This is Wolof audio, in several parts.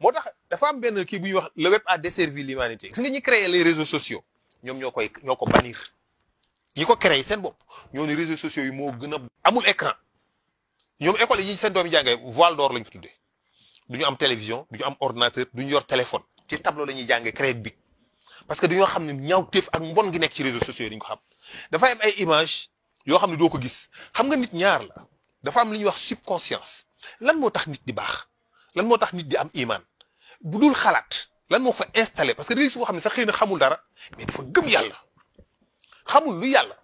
motax dafa am ben ki bu wax le web a desservi l'humanité gis nga ñi créé les réseaux sociaux ñom ñoo ñoko bannir ñi ko créé sen bop ñoo ni réseaux sociaux yi mo gëna amul écran ñom école yi sen doom yi jàngee voile d'or lañu ko tuddee du am télévision duñu am ordinateur duñu yor téléphone ci tableau la ñuy jàngee créé bi parce que duñu xam ñaaw ñaawteef ak mbon gi nekk ci réseaux sociaux yi dañu ko xam dafa am ay image yo xamni do ko gis xam nga nit ñaar la dafa am lu ñuy wax subconscience lan moo tax nit di baax lan moo tax nit di am iman budul khalat lan mo fa installer parce que religion bo xamni sax xamul dara mais dafa gëm yàlla xamul lu yàlla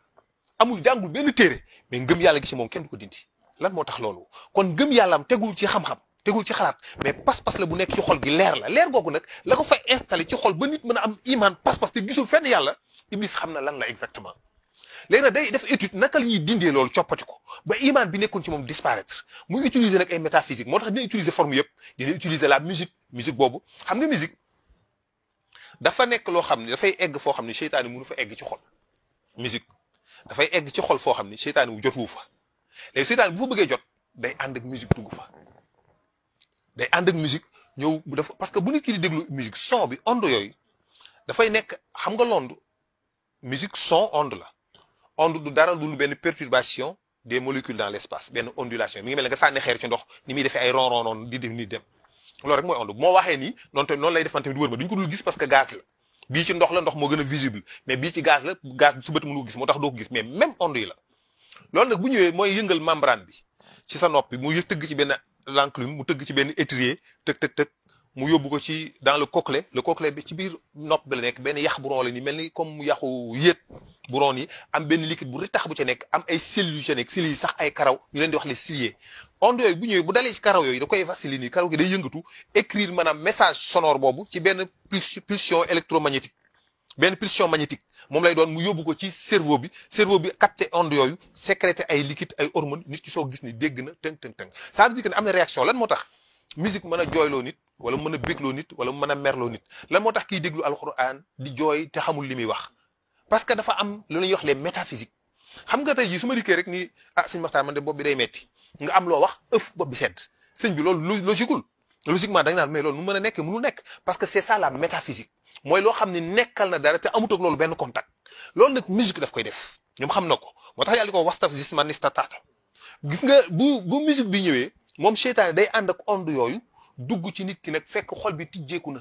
amul jàngul ben téré mais ngëm yàlla gi ci mom kenn duko dindi lan mo tax lolu kon yalla am tegul ci xam-xam tegul ci khalat mais pas-pas la bu nek ci xol gi leer la leer gogou nak la ko fa installer ci xol ba nit mën am iman pas-pas te gisul fenn yàlla iblis xamna lan la exactement léegi nag day def étude naka la ñuy dindee loolu coppati ko ba iman bi nekkoon ci moom disparaître muy utiliser nag ay métaphysique moo tax dina utiliser forme yëpp dina utiliser la musique musique boobu xam nga musique dafa nekk loo xam ne dafay egg foo xam ne seytaane mënu fa egg ci xol musique dafay egg ci xol foo xam ne seytaane wu jotu fa léegi seytaane bu fa bëggee jot day ànd ak musique dugg fa day ànd ak musique ñëw bu dafa parce que bu nit ki di déglu musique son bi onde yooyu dafay nekk xam nga lond musique son onde la onde du dara lu benn perturbation des molécules dans l'espace ben ondulation mi ngi mel ne nga sànni xer ci ndox ni mi defee ay ron ron non di dem ni dem lool rek moy onde mo waxee ni noonu non noonu lay defante du wër ma duñ ko dul gis parce que gaz la bi ci ndox la ndox mo gën visible mais bi ci gaz la gaz su bët mënu ko gis motax do ko gis mais même onde yi la lool nak bu ñëwee moy yëngal membrane bi ci sa nopi bi mu tëgg ci ben l'enclume mu teug ci ben étrier tëg tëg tëg mu yobbu ko ci dans le cochlée le cochlée bi ci bir nopp bi la nek ben yax bu ron ni melni ni comme yaxu yéet buron yi am ben liquide bu ritax bu ci nek am ay cellules yu sa cellules sax ay karaw ñu leen di wax les ciliés onde yoy bu va bu dalé ci karaw yoy da koy vaseline karaw gi day yëngatu écrire manam message sonore bobu ci ben pulsion électromagnétique ben pulsion magnétique Mon lay doon mu yobbu ko ci cerveau bi cerveau bi capté onde yoy sécréter ay liquide ay hormones nit ci so gis ni dégg na teng teng teng ça veut dire que am réaction lan motax musique mën joye jooyloo nit wala mën a nit wala mën merlo nit lan motax ki déglu di joy te xamul limi wax parce que dafa am lu ñuy wax les métaphysiques xam nga tey jii su ma dikkee rek ni ah sëñ Maxtaar man de bopp bi day metti nga am loo wax ëf bopp bi sedd sëñ bi loolu logiqueul logiquement da nga naan mais loolu nu mën a nekk mënul nekk parce que c'est ça la métaphysique mooy loo xam ni nekkal na dara te amut loolu benn contact loolu nag musique daf koy def ñoom xam na ko moo tax ko yàlla di ko wastaf jisman istataata gis nga bu bu musique bi ñëwee moom seytaane day ànd ak onde yooyu dugg ci nit ki nag fekk xol bi tijjeeku na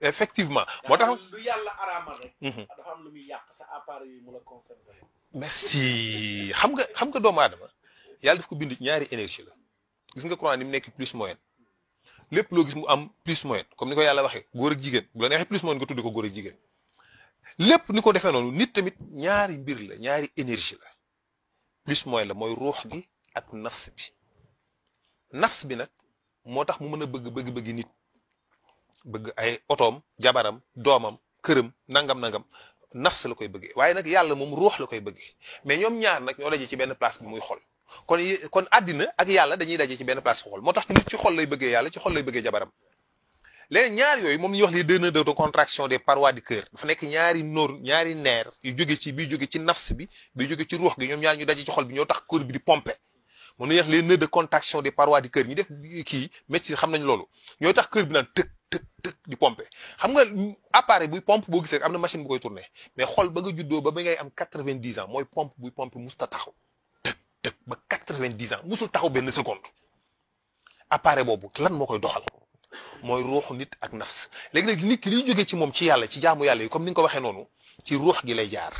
effectivement motax lu yalla aramal rek mhm. dafa am lu muy yak sa appareil mu la conserver merci xam nga xam nga doomu adama yalla daf ko bind ci ñaari énergie la gis nga courant ni nek plus moyenne lepp lo gis mu am plus moyenne comme niko yalla waxe waxee ak jigen bu la nexe plus moyenne nga tuddi ko góor ak jigen lepp niko defé non nit tamit ñaari mbir la ñaari énergie la plus moyenne la moy ruh gi ak nafs bi nafs bi nak motax mu meuna a bëgg bëgg bëgg nit bëgg ay otoom jabaram doomam këram nangam nangam nafs la koy bëggee waaye nag yàlla moom ruux la koy bëggee mais ñoom ñaar nag ñoo daje ci benn place bi muy xol kon kon àddina ak yàlla dañuy daje ci benn place bu xol moo tax nit ci xol lay bëggee yàlla ci xol lay bëggee jabaram léegi ñaar yooyu moom ñuy wax les deux nœuds de contraction des parois du cœur dafa nekk ñaari nóor ñaari neer yu jóge bii jóge ci nafs bi bi jóge ci ruux gi ñoom ñaar ñu daje ci xol bi ñoo tax cœur bi di pomper mu ñuy wax les nœuds de contraction des parois du cœur ñi nañ loolu ñooy tax cœur bi naan tëkk tëkk di pomper xam nga appareil buy pompe boo gisee rek am na machine bu koy tourner mais xol ba nga juddoo ba ba ngay am quatre-vingt-dix ans mooy pompe buy pompe musta taxaw tëkk tëkk ba quatre-vingt-dix ans musul taxaw benn seconde appareil boobu lan moo koy doxal mooy ruuxu nit ak nafs léegi nag nit ki liy jógee ci moom ci yàlla ci jaamu yàlla yi comme ni nga ko waxee noonu ci ruux gi lay jaar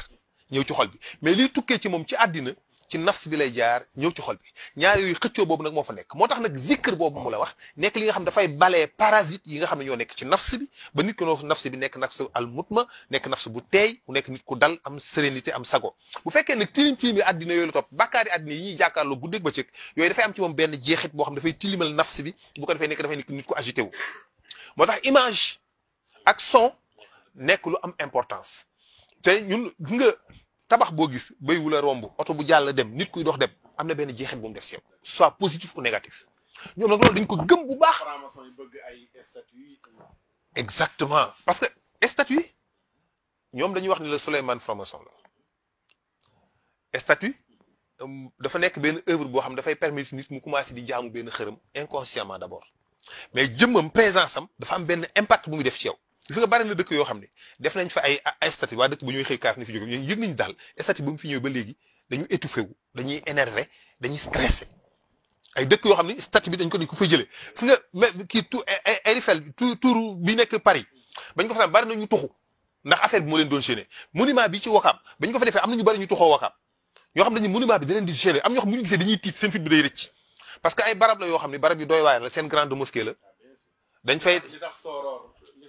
ñëw ci xol bi mais liy tukkee ci moom ci àddina ci nafs bi lay jaar ñëw ci xol bi ñaar yooyu xëccoo boobu nag moo fa nekk moo tax nag zikr boobu mu la wax nekk li nga xam dafay balee parasite yi nga xam ne ñoo nekk ci nafs bi ba nit ko noo nafs bi nekk nafs al mutma nekk nafs bu teey mu nekk nit ku dal am sérénité am sago bu fekkee nag tilim tilim yi àddina yooyu la topp bàkkaar yi àddina yi ñuy jàkkaarloo guddeeg bëccëg yooyu dafay am ci moom benn jeexit boo xam dafay tilimal nafs bi bu ko defee nekk dafay nekk nit ku agité wu moo tax image ak son nekk lu am importance te ñun gis nga tabax bo gis beuy wu rombu auto bu jàll dem nit kuy dox dem amna ben benn bu mu def si soit positif ou négatif ñoom nak loolu dañ ko gëm bu baax. exactement parce que statut ñom dañuy wax ni le Souleymane franc-maçon la statut euh, dafa nek ben œuvre bo xam da fay permettre nit mu commencé di jamu ben xërem inconsciemment d'abord mais jëmmam présence am dafa am ben impact bu mu def ci yow. gis nga bari na dëkk yoo xam ne def nañ fa ay ay statut waa dëkk bu ñuy xëy kaas ni fi jóge yëg nañ daal statut bu mu fi ñëw ba léegi dañu étouffé wu dañuy énervé dañuy stressé ay dëkk yoo xam ne statut bi dañ ko dañ ko fay jëlee gis nga kii tu Eiffel tu tour bi nekk Paris bañ ko fa bari na ñu tuxu ndax affaire bi moo leen doon gêné monument bi ci Wakaam bañ ko fa defee am na ñu bari ñu tuxoo Wakaam ñoo xam ne monument bi da leen di gêné am ñoo xam bu ñu gisee dañuy tiit seen fit bi day rëcc parce que ay barab la yoo xam ne barab yu doy waar la seen grande mosquée la dañ fay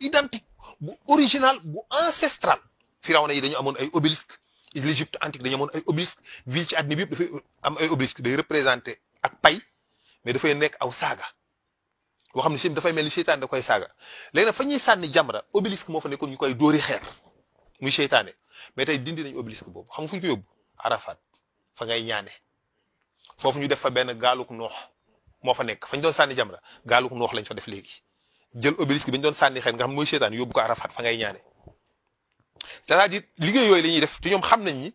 identique bu original bu ancestral na yi dañoo amoon ay obélisque l'Égypte antique dañu amoon ay obélisque ville ci àddina bi yëpp dafay am ay obélisque day représenté ak pay mais dafay nekk aw saaga boo xam ne si dafay mel ni seytaane da koy saaga léegi na fa ñuy sànni jamra obélisque moo fa nekkoon ñu koy dóori xeer muy seytaane mais tey dindi nañu obélisque boobu xam nga fu ñu ko yóbbu fa ngay ñaane foofu ñu def fa benn gaaluk noox moo fa nekk fañ doon sànni jamra gaaluk noox lañ fa def léegi jël obélisque bi ñu doon sànni xel nga xam mooy seetaan yóbbu ko Arafat fa ngay ñaane c'est-à-dire liggéey yooyu la ñuy def te ñoom xam nañ ni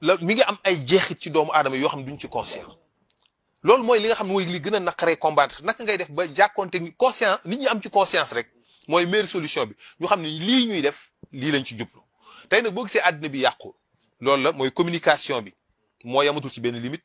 la mi ngi am ay jeexit ci doomu aadama yoo xam duñ ci conscient loolu mooy li nga xam mooy li gën a naqaree combattre naka ngay def ba jàkkoonte ni conscient nit ñi am ci conscience rek mooy meilleure solution bi ñu xam ne lii ñuy def lii lañ ci jublu tey nag boo gisee àddina bi yàqu loolu la mooy communication bi moo yamatul ci benn limite